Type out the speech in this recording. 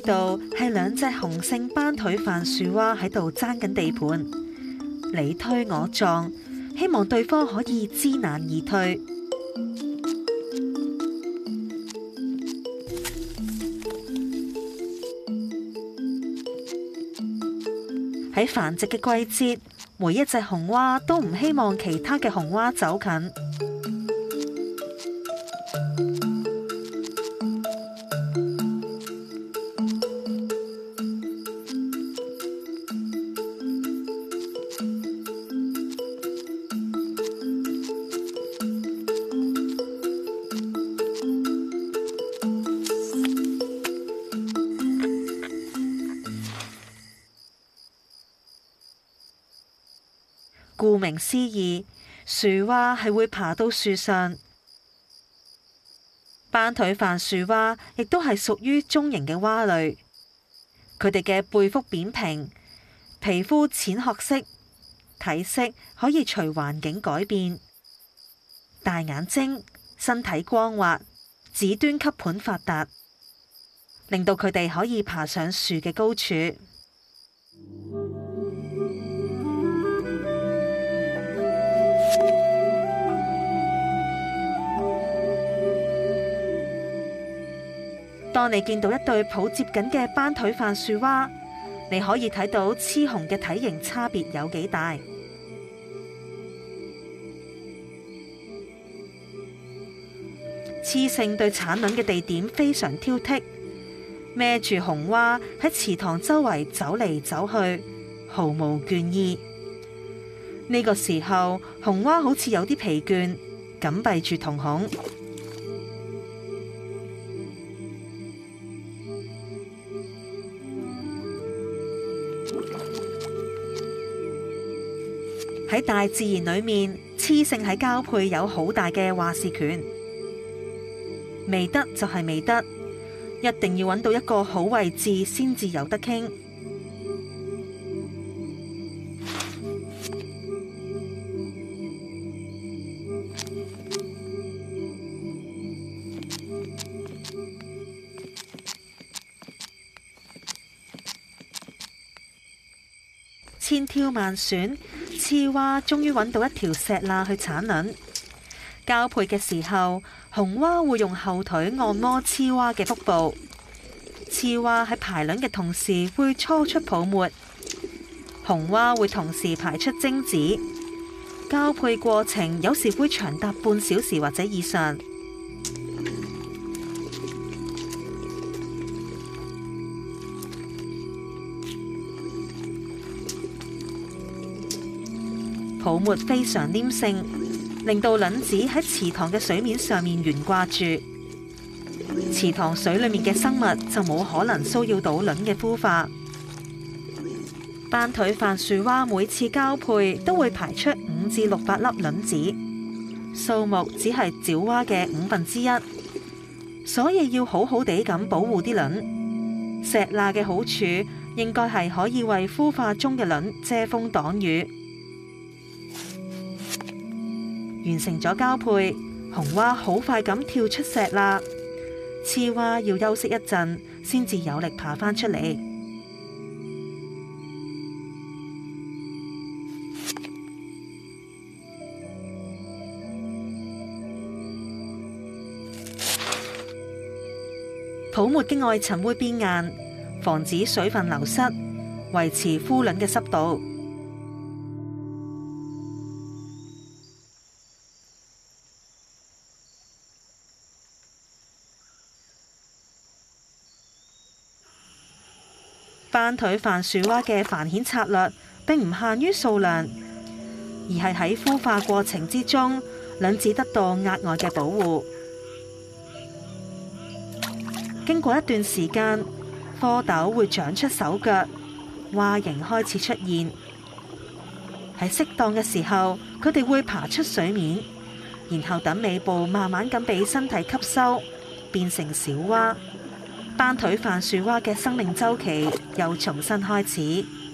度係兩隻雄性斑腿泛樹蛙喺度爭緊地盤，你推我撞，希望對方可以知難而退。喺繁殖嘅季節，每一隻紅蛙都唔希望其他嘅紅蛙走近。顧名思義，樹蛙係會爬到樹上。斑腿泛樹蛙亦都係屬於中型嘅蛙類，佢哋嘅背腹扁平，皮膚淺褐色，體色可以隨環境改變，大眼睛，身體光滑，指端吸盤發達，令到佢哋可以爬上樹嘅高處。當你見到一對抱接緊嘅斑腿泛樹蛙，你可以睇到雌雄嘅體型差別有幾大。雌性對產卵嘅地點非常挑剔，孭住雄蛙喺池塘周圍走嚟走去，毫無倦意。呢個時候，雄蛙好似有啲疲倦，緊閉住瞳孔。喺大自然裏面，雌性喺交配有好大嘅話事權。未得就係未得，一定要揾到一個好位置先至有得傾。千挑萬選。雌蛙終於揾到一條石罅，去產卵。交配嘅時候，雄蛙會用後腿按摩雌蛙嘅腹部。雌蛙喺排卵嘅同時會搓出泡沫，雄蛙會同時排出精子。交配過程有時會長達半小時或者以上。泡沫非常黏性，令到卵子喺池塘嘅水面上面懸掛住。池塘水裏面嘅生物就冇可能騷擾到卵嘅孵化。斑腿泛樹蛙每次交配都會排出五至六百粒卵子，數目只係沼蛙嘅五分之一，所以要好好地咁保護啲卵。石罅嘅好處應該係可以為孵化中嘅卵遮風擋雨。完成咗交配，雄蛙好快咁跳出石啦。雌蛙要休息一陣，先至有力爬翻出嚟。泡沫嘅外層會變硬，防止水分流失，維持孵卵嘅濕度。斑腿泛樹蛙嘅繁衍策略，並唔限於數量，而係喺孵化過程之中，卵子得到額外嘅保護。經過一段時間，蝌蚪會長出手腳，蛙形開始出現。喺適當嘅時候，佢哋會爬出水面，然後等尾部慢慢咁俾身體吸收，變成小蛙。斑腿泛樹蛙嘅生命週期又重新開始。